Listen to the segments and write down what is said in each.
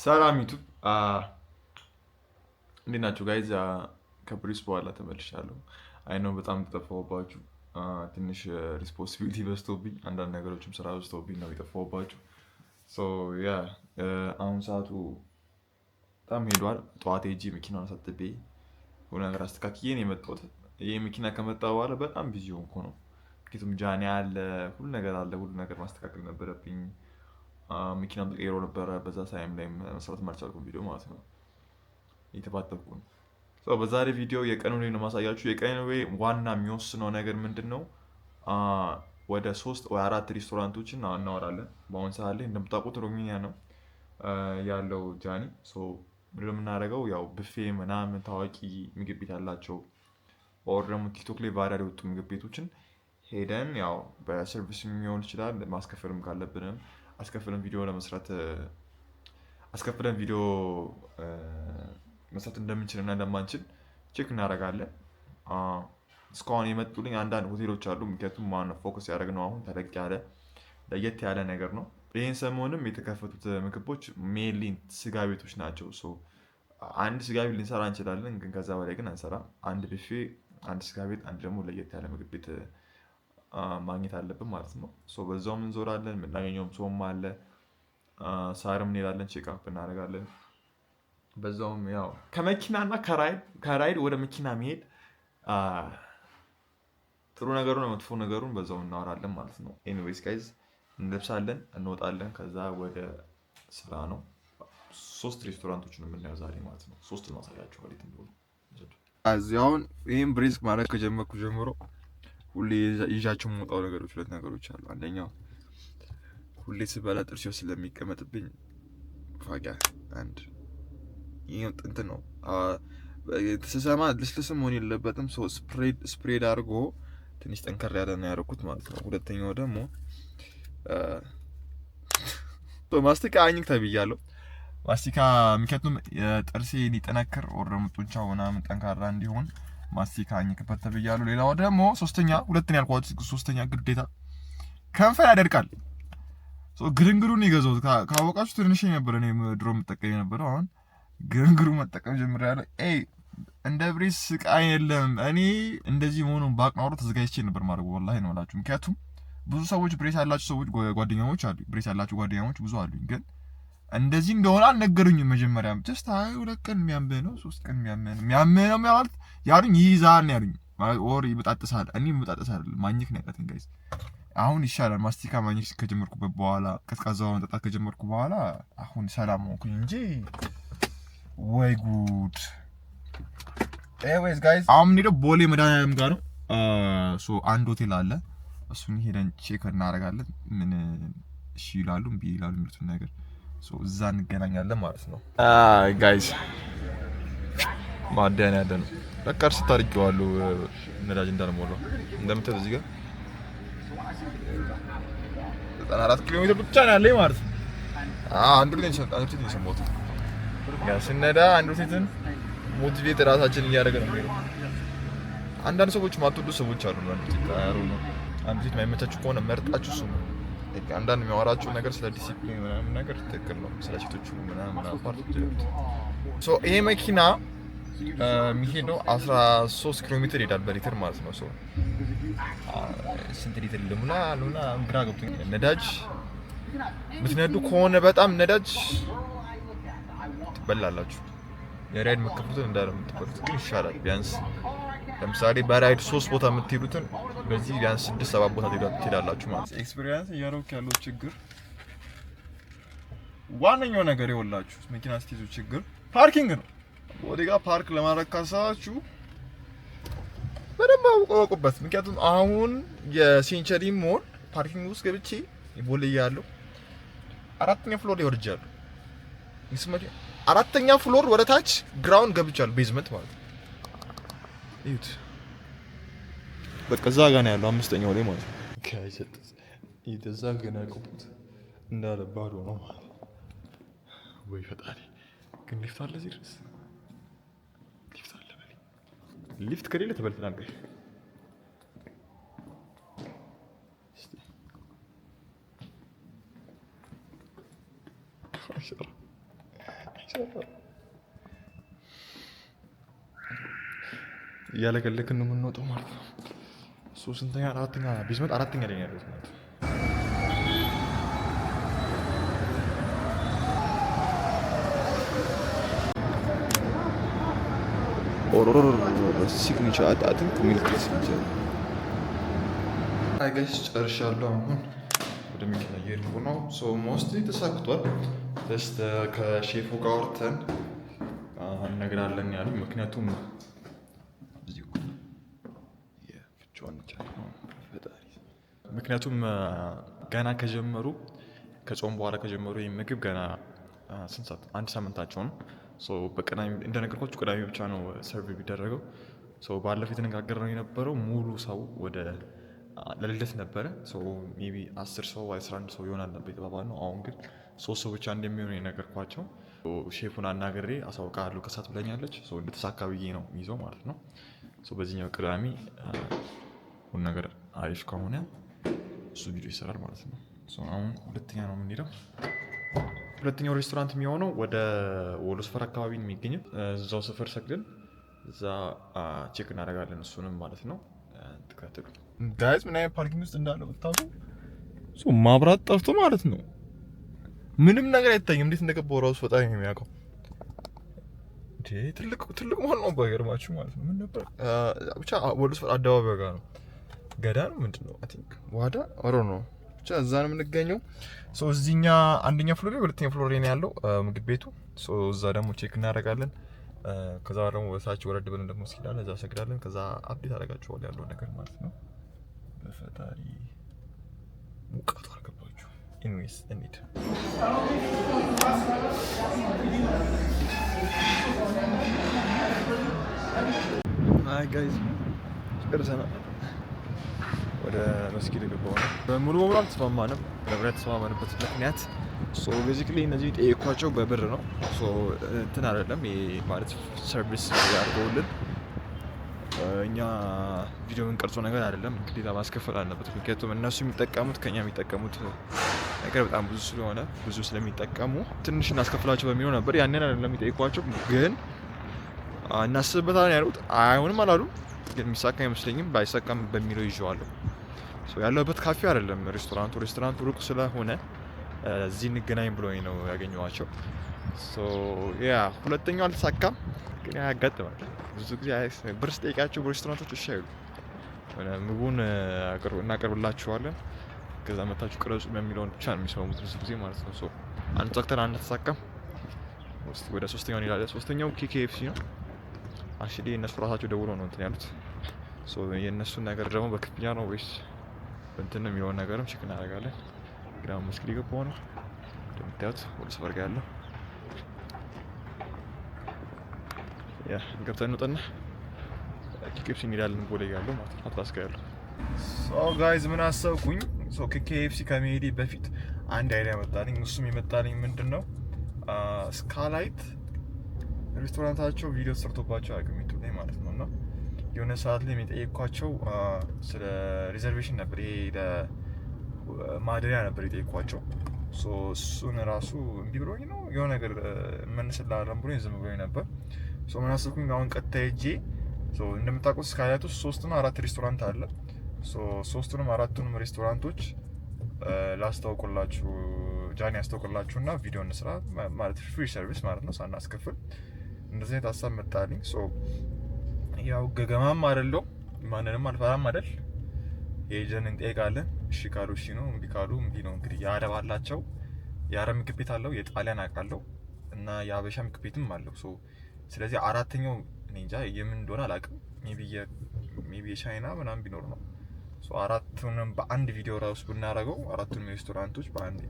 ሰላም ዩቱብ እንዴት ናቸው ጋይዝ? ከብሪስ በኋላ ተመልሻለሁ። አይ ነው በጣም ተጠፋሁባችሁ። ትንሽ ሪስፖንሲቢሊቲ በዝቶብኝ አንዳንድ ነገሮችም ስራ በዝቶብኝ ነው የጠፋሁባችሁ። ያ አሁን ሰዓቱ በጣም ሄዷል። ጠዋት ሄጄ መኪናውን አሳጥቤ ሆነ ነገር አስተካክዬ ነው የመጣሁት። ይህ መኪና ከመጣ በኋላ በጣም ቢዚ ሆንኩ ነው። ምክንያቱም ጃኒ አለ፣ ሁሉ ነገር አለ፣ ሁሉ ነገር ማስተካከል ነበረብኝ። መኪናም ተቀይሮ ነበረ። በዛ ታይም ላይ መስራት አልቻልኩም ቪዲዮ ማለት ነው፣ የተባተብኩ ነው። በዛሬ ቪዲዮ የቀን ውሎዬን ነው የማሳያችሁ። የቀን ውሎዬ ዋና የሚወስነው ነገር ምንድን ነው? ወደ ሶስት ወይ አራት ሬስቶራንቶችን እናወራለን። በአሁን ሰዓት ላይ እንደምታውቁት ሮሚኒያ ነው ያለው ጃኒ። የምናደርገው ያው ብፌ ምናምን ታዋቂ ምግብ ቤት አላቸው ኦር ደግሞ ቲክቶክ ላይ ቫይራል የወጡ ምግብ ቤቶችን ሄደን ያው በሰርቪስ የሚሆን ይችላል ማስከፈልም ካለብንም አስከፍለን ቪዲዮ ለመስራት አስከፍለን ቪዲዮ መስራት እንደምንችል እና እንደማንችል ቼክ እናደርጋለን። እስካሁን የመጡልኝ አንዳንድ ሆቴሎች አሉ። ምክንያቱም ማነው ፎከስ ያደረግነው አሁን ተለቅ ያለ ለየት ያለ ነገር ነው። ይህን ሰሞንም የተከፈቱት ምግቦች ሜንሊ ስጋ ቤቶች ናቸው። አንድ ስጋ ቤት ልንሰራ እንችላለን፣ ግን ከዛ በላይ ግን አንሰራም። አንድ ብፌ፣ አንድ ስጋ ቤት፣ አንድ ደግሞ ለየት ያለ ምግብ ቤት ማግኘት አለብን ማለት ነው። በዛውም እንዞራለን የምናገኘውም ሰውም አለ። ሳርም እንሄዳለን፣ ቼክአፕ እናደርጋለን። በዛውም ያው ከመኪናና ከራይድ ወደ መኪና መሄድ ጥሩ ነገሩን መጥፎ ነገሩን በዛው እናወራለን ማለት ነው። ኤኒዌይስ ጋይዝ እንለብሳለን፣ እንወጣለን። ከዛ ወደ ስራ ነው። ሶስት ሬስቶራንቶችን የምናየው ዛሬ ማለት ነው። ሶስት ማሳያቸው ሊት እንደሆነ እዚያውን ይህም ብሪስክ ማድረግ ከጀመርኩ ጀምሮ ሁሌ ይዣቸው የምወጣው ነገሮች ሁለት ነገሮች አሉ። አንደኛው ሁሌ ስበላ ጥርሴ ስለሚቀመጥብኝ ፋቂያ አንድ ይህ ጥንት ነው ስሰማ ልስልስ መሆን የለበትም። ስፕሬድ አድርጎ ትንሽ ጠንከር ያለ ነው ያደረኩት ማለት ነው። ሁለተኛው ደግሞ በማስቲካ አኝክ ተብያለሁ። ማስቲካ ምክንያቱም ጥርሴ ሊጠነክር ወር ደግሞ ምናምን ጠንካራ እንዲሆን ማስቲካኝ ክበት ተብያሉ። ሌላው ደግሞ ሶስተኛ ሁለተኛ ያልኳችሁ ሶስተኛ ግዴታ ከንፈር ያደርቃል። ግርንግሩን ይገዛው ካወቃችሁ ትንሽ የነበረ እኔ ድሮ የምጠቀም የነበረው አሁን ግርንግሩ መጠቀም ጀምሬያለሁ። ኤይ እንደ ብሬስ ስቃይ የለም። እኔ እንደዚህ መሆኑን ባቅ ኖሮ ተዘጋጅቼ ነበር ማድረግ ወላሂ ነው እላችሁ። ምክንያቱም ብዙ ሰዎች ብሬስ ያላቸው ሰዎች ጓደኛሞች አሉ ብሬስ ያላቸው ጓደኛሞች ብዙ አሉኝ ግን እንደዚህ እንደሆነ አልነገሩኝም። መጀመሪያም ጀስት አይ ሁለት ቀን የሚያምህ ነው ሶስት ቀን የሚያምህ ነው የሚያምህ ነው ማለት ያሉኝ ይይዛል ነው ያሉኝ። ኦር ይበጣጥሳል። እኔ ይበጣጥሳል ማኘክ ነው ያቃተኝ ጋይዝ። አሁን ይሻላል። ማስቲካ ማኘክ ከጀመርኩበት በኋላ ቀዝቃዛ መጠጣት ከጀመርኩ በኋላ አሁን ሰላም ሆንኩኝ እንጂ ወይ ጉድ። ኤኒዌይስ ጋይዝ አሁን የምንሄደው ቦሌ መድኃኒዓለም ጋር ነው። ሶ አንድ ሆቴል አለ። እሱን ሄደን ቼክ እናደርጋለን። ምን እሺ ይላሉ እምቢ ይላሉ የሚሉትን ነገር እዛ እንገናኛለን ማለት ነው ጋይስ። ማደያ ነው ያለ ነው። በቃ እርስ ታድርጌዋለሁ ነዳጅ እንዳልሞላው እንደምታየው እዚህ ጋር ዘጠና አራት ኪሎ ሜትር ብቻ ነው ያለኝ ማለት ነው። አንድ ስነዳ አንዱ ሴትን ሞቲቬት ራሳችን እያደረገ ነው አንዳንድ ሰዎች ማትወዱ ሰዎች አሉ። አንዱ ሴት ማይመቻችሁ ከሆነ መርጣችሁ ስሙ። አንዳንድ የሚያወራቸው ነገር ስለ ዲሲፕሊን ምናምን ነገር ትክክል ነው። ስለ ሴቶቹ ምናምን ይሄ መኪና የሚሄደው 13 ኪሎ ሜትር ይሄዳል በሊትር ማለት ነው። ስንት ሊትር ልሙላ ሉና ግራ ገብቶ ነዳጅ ምትነዱ ከሆነ በጣም ነዳጅ ትበላላችሁ። የራይድ መከፍሉትን እንዳለ የምትበሉት ግን ይሻላል ቢያንስ ለምሳሌ በራይድ ሶስት ቦታ የምትሄዱትን በዚህ ቢያንስ ስድስት ሰባት ቦታ ትሄዳላችሁ ማለት ነው። ኤክስፒሪየንስ እያረውክ ያለው ችግር ዋነኛው ነገር የወላችሁ መኪና ስትይዙ ችግር ፓርኪንግ ነው። ወደጋ ፓርክ ለማድረግ ካሰባችሁ በደንብ አውቁበት። ምክንያቱም አሁን የሴንቸሪ ሞል ፓርኪንግ ውስጥ ገብቼ ቦሌ ያለው አራተኛ ፍሎር ይወርጃሉ። ወርጃለሁ። አራተኛ ፍሎር ወደ ታች ግራውንድ ገብቻለሁ፣ ቤዝመንት ማለት ነው። እዩት። በቃ እዛ ጋ ነው ያለው አምስተኛው ላይ ማለት ነው። እዛ ገና ያቆቡት እንዳለ ባዶ ነው ማለት ወይ ፈጣሪ። ግን ሊፍት አለ እዚህ ድረስ ሊፍት አለ። ሊፍት ከሌለ ተበልተናል። ቀይ Shut up. እያለቀለቅን ነው የምንወጣው ማለት ነው። ስንተኛ አራተኛ ቢስመት አራተኛ ደኛ ያሉት ማለት ነው። ሲግኒቸር ሚልክ ሲግኒቸር አይገስ ጨርሻለሁ። አሁን ወደ መኪና እየሄድኩ ነው። ሞስት ተሳክቷል። ስ ከሼፉ ጋር አውርተን እነግራለን ያሉ ምክንያቱም ምክንያቱም ገና ከጀመሩ ከጾም በኋላ ከጀመሩ ይህ ምግብ ገና ስንት አንድ ሳምንታቸው ነው። በቅዳሜ እንደነገርኳችሁ ቅዳሜ ብቻ ነው ሰርቭ የሚደረገው። ባለፈው ነው የነበረው ሙሉ ሰው ወደ ለልደት ነበረ ሜይ ቢ አስር ሰው አስራ አንድ ሰው ይሆናል ነበር የተባባል ነው። አሁን ግን ሶስት ሰው ብቻ እንደሚሆን የነገርኳቸው ሼፉን አናግሬ አሳውቃለሁ ከሳት ብለኛለች። እንደተሳካ ብዬ ነው ይዘው ማለት ነው። በዚህኛው ቅዳሜ ሁሉ ነገር አሪፍ ከሆነ እሱ ይሰራል ማለት ነው። አሁን ሁለተኛ ነው የምንሄደው። ሁለተኛው ሬስቶራንት የሚሆነው ወደ ወሎስፈር አካባቢ የሚገኘው እዛው ሰፈር ሰግደን እዛ ቼክ እናደርጋለን እሱንም ማለት ነው። ትከትሉ ጋይዝ ምን አይነት ፓርኪንግ ውስጥ እንዳለ ብታሱ ማብራት ጠፍቶ ማለት ነው። ምንም ነገር አይታይም። እንዴት እንደገባው ራሱ ፈጣሪ ነው የሚያውቀው። ትልቅ ትልቅ ማለት ነው። በገርማችሁ ማለት ነው ምን ነበር ብቻ ወሎስፈር ሰፈር አደባባይ ጋር ነው ገዳ ነው ምንድን ነው አይ ቲንክ ዋዳ ኦሮ ነው ብቻ እዛ ነው የምንገኘው። እዚህኛ አንደኛ ፍሎር ሁለተኛ ፍሎር ነው ያለው ምግብ ቤቱ። እዛ ደግሞ ቼክ እናደርጋለን። ከዛ ደግሞ በታች ወረድ ብለን ደግሞ ስላለ እዛ ሰግዳለን። ከዛ አፕዴት አደርጋችኋል ያለው ነገር ማለት ነው። በፈጣሪ ሙቀቱ አልገባችሁ። ኢንዌስ እንሂድ አይ ጋይዝ ጨርሰናል። ወደ መስጊድ የገባው ነው። በሙሉ በሙሉ አልተስማማንም። ለብራ የተስማማንበት ምክንያት ቤዚክሊ እነዚህ ጠየኳቸው በብር ነው እንትን አይደለም ማለት ሰርቪስ ያርገውልን እኛ ቪዲዮ የምንቀርጾ ነገር አይደለም። ግዴታ ማስከፈል አለበት። ምክንያቱም እነሱ የሚጠቀሙት ከኛ የሚጠቀሙት ነገር በጣም ብዙ ስለሆነ ብዙ ስለሚጠቀሙ ትንሽ እናስከፍላቸው በሚለው ነበር። ያንን አይደለም የሚጠይቋቸው፣ ግን እናስብበታለን ያሉት አይሆንም አላሉ። ግን የሚሳካ አይመስለኝም። ባይሳካም በሚለው ይዤዋለሁ። ያለሁበት ካፌ አይደለም ሬስቶራንቱ። ሬስቶራንቱ ሩቅ ስለሆነ እዚህ እንገናኝ ብሎኝ ነው ያገኘኋቸው። ያ ሁለተኛው አልተሳካም፣ ግን ያጋጥማል። ብዙ ጊዜ ብር ስጠይቃቸው በሬስቶራንቶች እሺ አይሉ ምግቡን እናቀርብላችኋለን ከዛ መታችሁ ቅረጹ በሚለውን ብቻ ነው የሚሰሙት ብዙ ጊዜ ማለት ነው። አንድ ጸቅተን አንድ ተሳካም። ወደ ሶስተኛው እንሄዳለን። ሶስተኛው ኬኬኤፍሲ ነው። አክቹዋሊ እነሱ ራሳቸው ደውሎ ነው እንትን ያሉት የእነሱን ነገር ደግሞ በክፍያ ነው ወይስ እንትን የሚለውን ነገርም ችክ እናደርጋለን። ግን አምስት ኪሎ የገባው ነው እንደምታዩት ወደ ሰፈር ጋ ያለው ያ ገብተን እንውጥና ኬኤፍሲ እንሄዳለን። ቦሌ ያለው ማለት ነው አትላስ ጋ ያለው ሶ ጋይዝ ምን አሰብኩኝ ሶ ኬኤፍሲ ከመሄዴ በፊት አንድ አይዲያ መጣልኝ። እሱም የመጣልኝ ምንድን ነው ስካላይት ሬስቶራንታቸው ቪዲዮ ሰርቶባቸው አያውቅም ዩቱብ ላይ ማለት ነው እና የሆነ ሰዓት ላይ የጠየቅኳቸው ስለ ሪዘርቬሽን ነበር። ይሄ ለማደሪያ ነበር የጠየቅኳቸው። እሱን ራሱ እምቢ ብሎኝ ነው የሆነ ነገር መንስላለን ብሎኝ ዝም ብሎኝ ነበር። ምን አሰብኩኝ? አሁን ቀጥታ ሄጄ እንደምታውቁት እስከ ሀያት ውስጥ ሶስትና አራት ሬስቶራንት አለ። ሶስቱንም አራቱንም ሬስቶራንቶች ላስታውቁላችሁ፣ ጃኒ ያስታውቁላችሁ እና ቪዲዮ እንስራ ማለት ፍሪ ሰርቪስ ማለት ነው ሳናስከፍል። እንደዚህ አይነት ሀሳብ መጣልኝ። ያው ገገማም አይደለው ማንንም አልፈራም አይደል? የሄደን እንጠይቃለን። እሺ ካሉ እሺ ነው፣ እምቢ ካሉ እምቢ ነው። እንግዲህ የአረብ አላቸው፣ የአረብ ምግብ ቤት አለው፣ የጣሊያን አውቃለሁ እና የአበሻ ምግብ ቤትም አለው። ሶ ስለዚህ አራተኛው እኔ እንጃ የምን እንደሆነ አላውቅም። ሜቢ የቻይና ምናምን ቢኖር ነው። ሶ አራቱንም በአንድ ቪዲዮ ራሱ ብናደርገው አራቱንም ሬስቶራንቶች በአንድ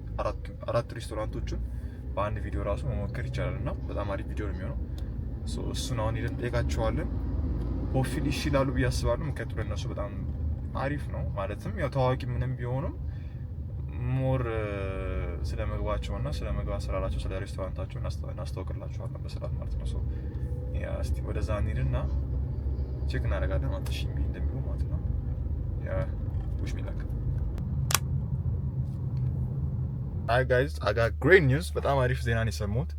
አራቱ ሬስቶራንቶቹን በአንድ ቪዲዮ ራሱ መሞከር ይቻላል እና በጣም አሪፍ ቪዲዮ ነው የሚሆነው። እሱን አሁን ሄደን እንጠይቃቸዋለን። በፊል ይሽላሉ ብዬ አስባለሁ። ምክንያቱም ለእነሱ በጣም አሪፍ ነው ማለትም ያው ታዋቂ ምንም ቢሆኑም ሞር ስለ ምግባቸው እና ስለ ምግብ አሰራራቸው ስለ ሬስቶራንታቸው እናስተዋውቅላቸዋለን በስርዓት ማለት ነው። ሰው እስቲ ወደዛ እንሂድና ቼክ እናደርጋለን ማለት እሺ፣ እንደሚሆን ማለት ነው። ውሽ ሚላክ አይ ጋይዝ አጋ ግሬት ኒውስ በጣም አሪፍ ዜና ነው የሰሙት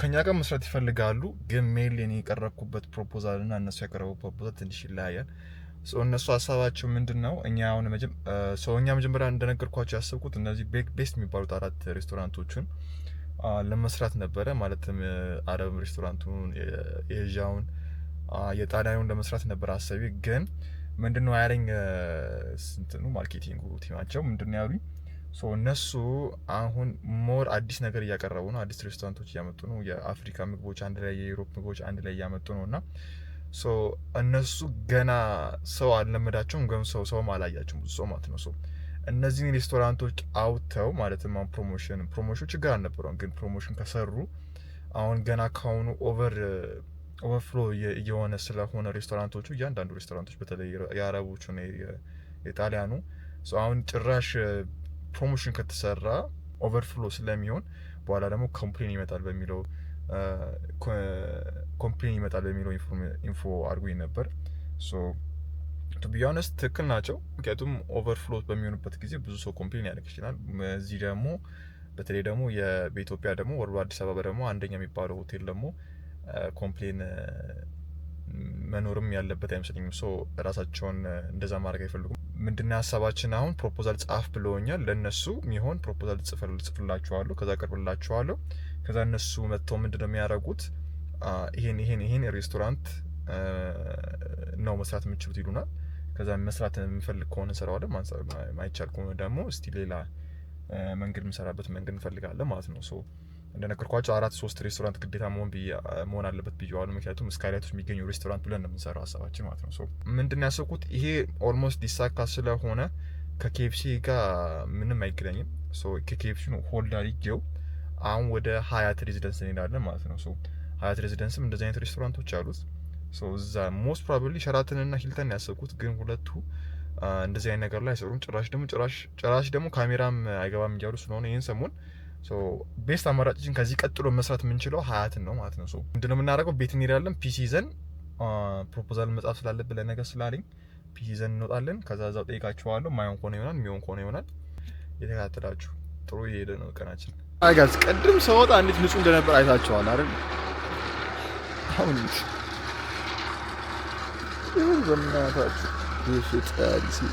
ከኛ ጋር መስራት ይፈልጋሉ፣ ግን ሜል እኔ የቀረብኩበት ፕሮፖዛል እና እነሱ ያቀረቡ ፕሮፖዛል ትንሽ ይለያያል። እነሱ ሀሳባቸው ምንድን ነው? እኛ ሁን እኛ መጀመሪያ እንደነገርኳቸው ያሰብኩት እነዚህ ቤስት የሚባሉት አራት ሬስቶራንቶቹን ለመስራት ነበረ። ማለትም አረብ ሬስቶራንቱን፣ የኤዥያውን፣ የጣሊያኑን ለመስራት ነበረ አሰቢ። ግን ምንድነው ያለኝ ስንትኑ ማርኬቲንጉ ቲማቸው ምንድነው ነው ያሉኝ እነሱ አሁን ሞር አዲስ ነገር እያቀረቡ ነው። አዲስ ሬስቶራንቶች እያመጡ ነው። የአፍሪካ ምግቦች አንድ ላይ፣ የዩሮፕ ምግቦች አንድ ላይ እያመጡ ነው እና እነሱ ገና ሰው አልለመዳቸውም፣ ገም ሰው ሰውም አላያቸውም ብዙ ሰው ማለት ነው። እነዚህን ሬስቶራንቶች አውጥተው ማለትም አሁን ፕሮሞሽን ፕሮሞሽን ችግር አልነበረውም፣ ግን ፕሮሞሽን ከሰሩ አሁን ገና ከአሁኑ ኦቨር ኦቨርፍሎ እየሆነ ስለሆነ ሬስቶራንቶቹ እያንዳንዱ ሬስቶራንቶች በተለይ የአረቦቹ የጣሊያኑ አሁን ጭራሽ ፕሮሞሽን ከተሰራ ኦቨርፍሎ ስለሚሆን በኋላ ደግሞ ኮምፕሌን ይመጣል በሚለው ኮምፕሌን ይመጣል በሚለው ኢንፎ አድርጎኝ ነበር። ቱ ቢ ኦነስት ትክክል ናቸው። ምክንያቱም ኦቨርፍሎ በሚሆንበት ጊዜ ብዙ ሰው ኮምፕሌን ያደርግ ይችላል። እዚህ ደግሞ በተለይ ደግሞ በኢትዮጵያ ደግሞ ወርዶ አዲስ አበባ ደግሞ አንደኛ የሚባለው ሆቴል ደግሞ ኮምፕሌን መኖርም ያለበት አይመስለኝም። ሶ ራሳቸውን እንደዛ ማድረግ አይፈልጉም። ምንድን ሀሳባችን አሁን ፕሮፖዛል ጻፍ ብለውኛል። ለእነሱ የሚሆን ፕሮፖዛል ጽፍላችኋለሁ፣ ከዛ ቀርብላችኋለሁ። ከዛ እነሱ መጥተው ምንድን ነው የሚያደርጉት? ይሄን ይሄን ይሄን ሬስቶራንት ነው መስራት የምችሉት ይሉናል። ከዛ መስራት የምፈልግ ከሆነ እንሰራዋለን፣ ማይቻል ከሆነ ደግሞ እስቲ ሌላ መንገድ የምንሰራበት መንገድ እንፈልጋለን ማለት ነው። እንደነገርኳቸው አራት ሶስት ሬስቶራንት ግዴታ መሆን መሆን አለበት ብያዋሉ። ምክንያቱም እስካይላይቶች የሚገኙ ሬስቶራንት ብለን ነው የምንሰራው ሀሳባችን ማለት ነው። ምንድን ያሰብኩት? ይሄ ኦልሞስት ዲሳካ ስለሆነ ከኬኤፍሲ ጋር ምንም አይገናኝም። ከኬኤፍሲ ነው ሆልድ አድርጌው አሁን ወደ ሀያት ሬዚደንስ እንሄዳለን ማለት ነው። ሀያት ሬዚደንስም እንደዚህ አይነት ሬስቶራንቶች አሉት። እዛ ሞስት ፕሮባብሊ እና ሂልተን ያሰብኩት ግን ሁለቱ እንደዚህ አይነት ነገር ላይ አይሰሩም። ጭራሽ ደግሞ ጭራሽ ደግሞ ካሜራም አይገባም እያሉ ስለሆነ ይህን ሰሞን ቤስት አማራጮችን ከዚህ ቀጥሎ መስራት የምንችለው ሀያትን ነው ማለት ነው። ምንድነው የምናደርገው? ቤት እንሄዳለን። ፒሲ ይዘን ፕሮፖዛል መጻፍ ስላለብን ለነገ ስላለኝ ፒሲ ይዘን እንወጣለን። ከዛ ዛው ጠይቃችኋለሁ። ማይሆን ከሆነ ይሆናል፣ የሚሆን ከሆነ ይሆናል። የተከታተላችሁ ጥሩ የሄደ ነው ቀናችን። ጋዝ ቅድም ሰወጣ እንዴት ንጹህ እንደነበር አይታችኋል አይደል? አሁን ይሁን በእናታችሁ ይፍጣል ሲል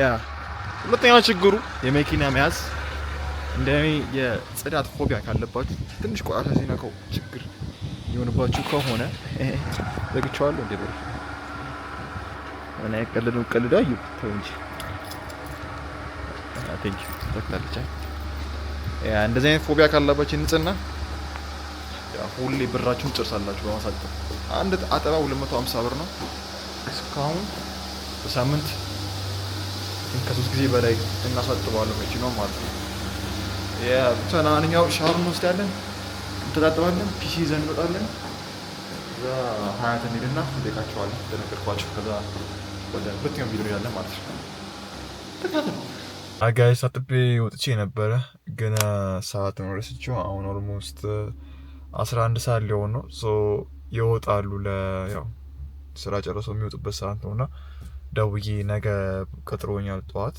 ያ ሁለተኛው ችግሩ የመኪና መያዝ እንደኔ የጽዳት ፎቢያ ካለባችሁ ትንሽ ቆሻሻ ሲነካው ችግር የሆንባችሁ ከሆነ ዘግቼዋለሁ። እንደ በል እና ያቀለለው ቀልዳ እዩ ተው እንጂ ቴንኪ ተክታለቻ እንደዚህ አይነት ፎቢያ ካለባችሁ ንጽህና ሁሌ ብራችሁን ጭርሳላችሁ በማሳጠብ አንድ አጠባ 250 ብር ነው። እስካሁን በሳምንት ከሶስት ጊዜ በላይ እናሳጥበዋለን መኪ ነው ማለት ነው። ትናንኛው ሻወር እንወስዳለን፣ እንተጣጥባለን፣ ፒሲ ይዘን እንወጣለን። እዛ ሀያት እንሂድና እንጠይቃቸዋለን እንደነገርኳቸው። ከዛ ወደ ሁለተኛው ቪዲዮ እንሄዳለን ማለት ነው። ተከታተሉ። አጋይ ሳጥቤ ወጥቼ ነበረ፣ ገና ሰዓት ነው ረስቼው። አሁን ኦልሞስት 11 ሰዓት ሊሆን ነው ሶ ይወጣሉ። ያው ስራ ጨርሰው የሚወጡበት ሰዓት ነው እና ደውዬ ነገ ቀጥሮኛል። ጠዋት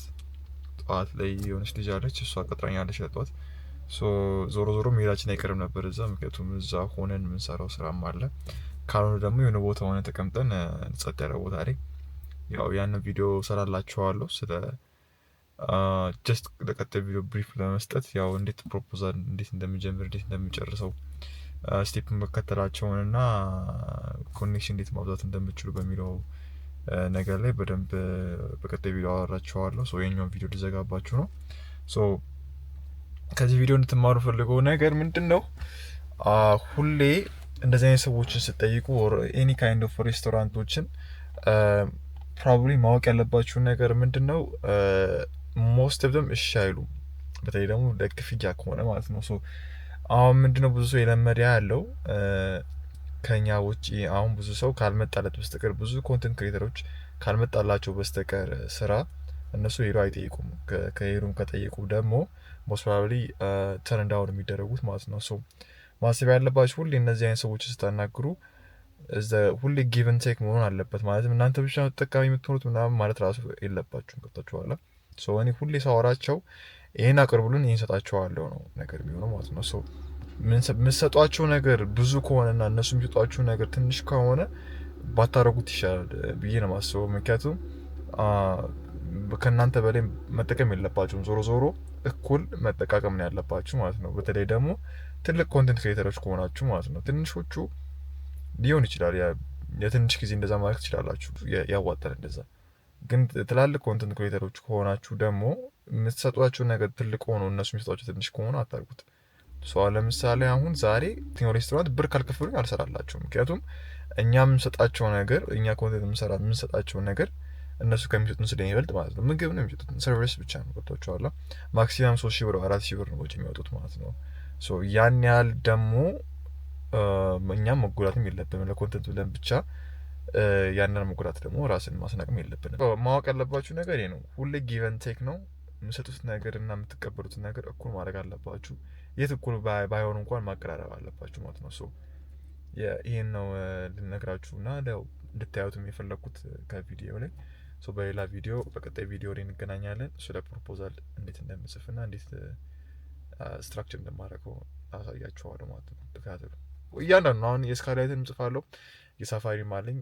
ጠዋት ላይ የሆነች ልጅ አለች፣ እሷ ቀጥራኛለች ለጠዋት። ዞሮ ዞሮ መሄዳችን አይቀርም ነበር እዛ፣ ምክንያቱም እዛ ሆነን የምንሰራው ስራም አለ። ካልሆነ ደግሞ የሆነ ቦታ ሆነ ተቀምጠን ጸጥ ያለ ቦታ ላይ ያው ያን ቪዲዮ ሰራላችኋለሁ ስለ ጀስት ለቀጣይ ቪዲዮ ብሪፍ ለመስጠት ያው እንዴት ፕሮፖዛል እንዴት እንደምጀምር እንዴት እንደምጨርሰው ስቴፕ መከተላቸውንና ኮኔክሽን እንዴት ማብዛት እንደምችሉ በሚለው ነገር ላይ በደንብ በቀጣይ ቪዲዮ አወራቸዋለሁ። ሶ የኛውን ቪዲዮ ልዘጋባችሁ ነው። ሶ ከዚህ ቪዲዮ እንድትማሩ ፈልገው ነገር ምንድን ነው ሁሌ እንደዚህ አይነት ሰዎችን ስጠይቁ ኤኒ ካይንድ ኦፍ ሬስቶራንቶችን ፕሮባብሊ ማወቅ ያለባችሁን ነገር ምንድን ነው ሞስት ኦፍ ደም እሺ አይሉም። በተለይ ደግሞ ለክፍያ ከሆነ ማለት ነው። አሁን ምንድነው ብዙ ሰው የለመደ ያለው ከኛ ውጭ አሁን ብዙ ሰው ካልመጣለት በስተቀር ብዙ ኮንተንት ክሬተሮች ካልመጣላቸው በስተቀር ስራ እነሱ ሄዶ አይጠይቁም። ከሄዱም ከጠየቁ ደግሞ ሞስት ፕሮባብሊ ተርን የሚደረጉት ማለት ነው። ሶ ማሰብ ያለባቸው ሁሌ እነዚህ አይነት ሰዎች ስታናግሩ ሁሌ ጊቭ ቴክ መሆን አለበት። ማለትም እናንተ ብቻ ተጠቃሚ የምትሆኑት ምናምን ማለት ራሱ የለባችሁም። ገብታችኋል? እኔ ሁሌ ሳወራቸው ይህን አቅርቡልን ይህን ሰጣቸዋለሁ ነው ነገር ቢሆነ ማለት ነው። ሰው የምትሰጧቸው ነገር ብዙ ከሆነና እነሱ የሚሰጧቸው ነገር ትንሽ ከሆነ ባታረጉት ይሻላል ብዬ ነው የማስበው። ምክንያቱም ከእናንተ በላይ መጠቀም የለባቸውም ዞሮ ዞሮ እኩል መጠቃቀም ነው ያለባችሁ ማለት ነው። በተለይ ደግሞ ትልቅ ኮንቴንት ክሬተሮች ከሆናችሁ ማለት ነው። ትንሾቹ ሊሆን ይችላል የትንሽ ጊዜ እንደዛ ማለት ትችላላችሁ፣ ያዋጣል እንደዛ። ግን ትላልቅ ኮንቴንት ክሬተሮች ከሆናችሁ ደግሞ የምትሰጧቸው ነገር ትልቅ ሆኖ እነሱ የሚሰጧቸው ትንሽ ከሆኑ አታርጉት። ሰው ለምሳሌ አሁን ዛሬ ቲኖ ሬስቶራንት ብር ካልከፈሉ አልሰራላቸው። ምክንያቱም እኛ የምንሰጣቸው ነገር እኛ ኮንቴንት የምንሰራ የምንሰጣቸው ነገር እነሱ ከሚሰጡን ስለሚበልጥ ማለት ነው። ምግብ ነው የሚሰጡት፣ ሰርቪስ ብቻ ነው። ገብቷቸዋል። ማክሲማም ሶስት ሺህ ብር አራት ሺህ ብር ነው ወጪ የሚወጡት ማለት ነው። ያን ያህል ደግሞ እኛም መጎዳትም የለብንም ለኮንቴንት ብለን ብቻ ያንን መጎዳት ደግሞ ራስን ማስናቅም የለብንም። ማወቅ ያለባችሁ ነገር ነው። ሁሌ ጊቨን ቴክ ነው። የምሰጡት ነገር እና የምትቀበሉት ነገር እኩል ማድረግ አለባችሁ። የት እኩል ባይሆኑ እንኳን ማቀራረብ አለባችሁ ማለት ነው። ሶ ይህን ነው ልነግራችሁ እና እንድታዩት የፈለግኩት ከቪዲዮ ላይ። በሌላ ቪዲዮ በቀጣይ ቪዲዮ ላይ እንገናኛለን። ስለ ፕሮፖዛል እንዴት እንደምጽፍ እና እንዴት ስትራክቸር እንደማደርገው አሳያችኋለሁ ማለት ነው። ተከታተሉ። እያንዳንዱ አሁን የስካላይትን እጽፋለሁ፣ የሳፋሪም አለኝ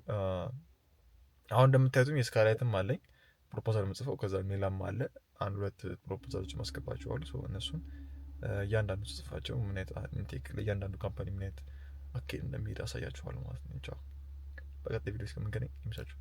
አሁን እንደምታዩትም የስካላይትም አለኝ ፕሮፖዛል ምጽፈው ከዛ ሜላም አለ አንድ ሁለት ፕሮፖዛሎች ማስገባቸው አሉ። እነሱን እያንዳንዱ ጽሁፋቸው ምን አይነት ኢንቴክ ለእያንዳንዱ ካምፓኒ ምን አይነት አካሄድ እንደሚሄድ አሳያችኋል ማለት ነው። ቻው። በቀጣይ ቪዲዮ እስከምንገናኝ ይመቻችሁ።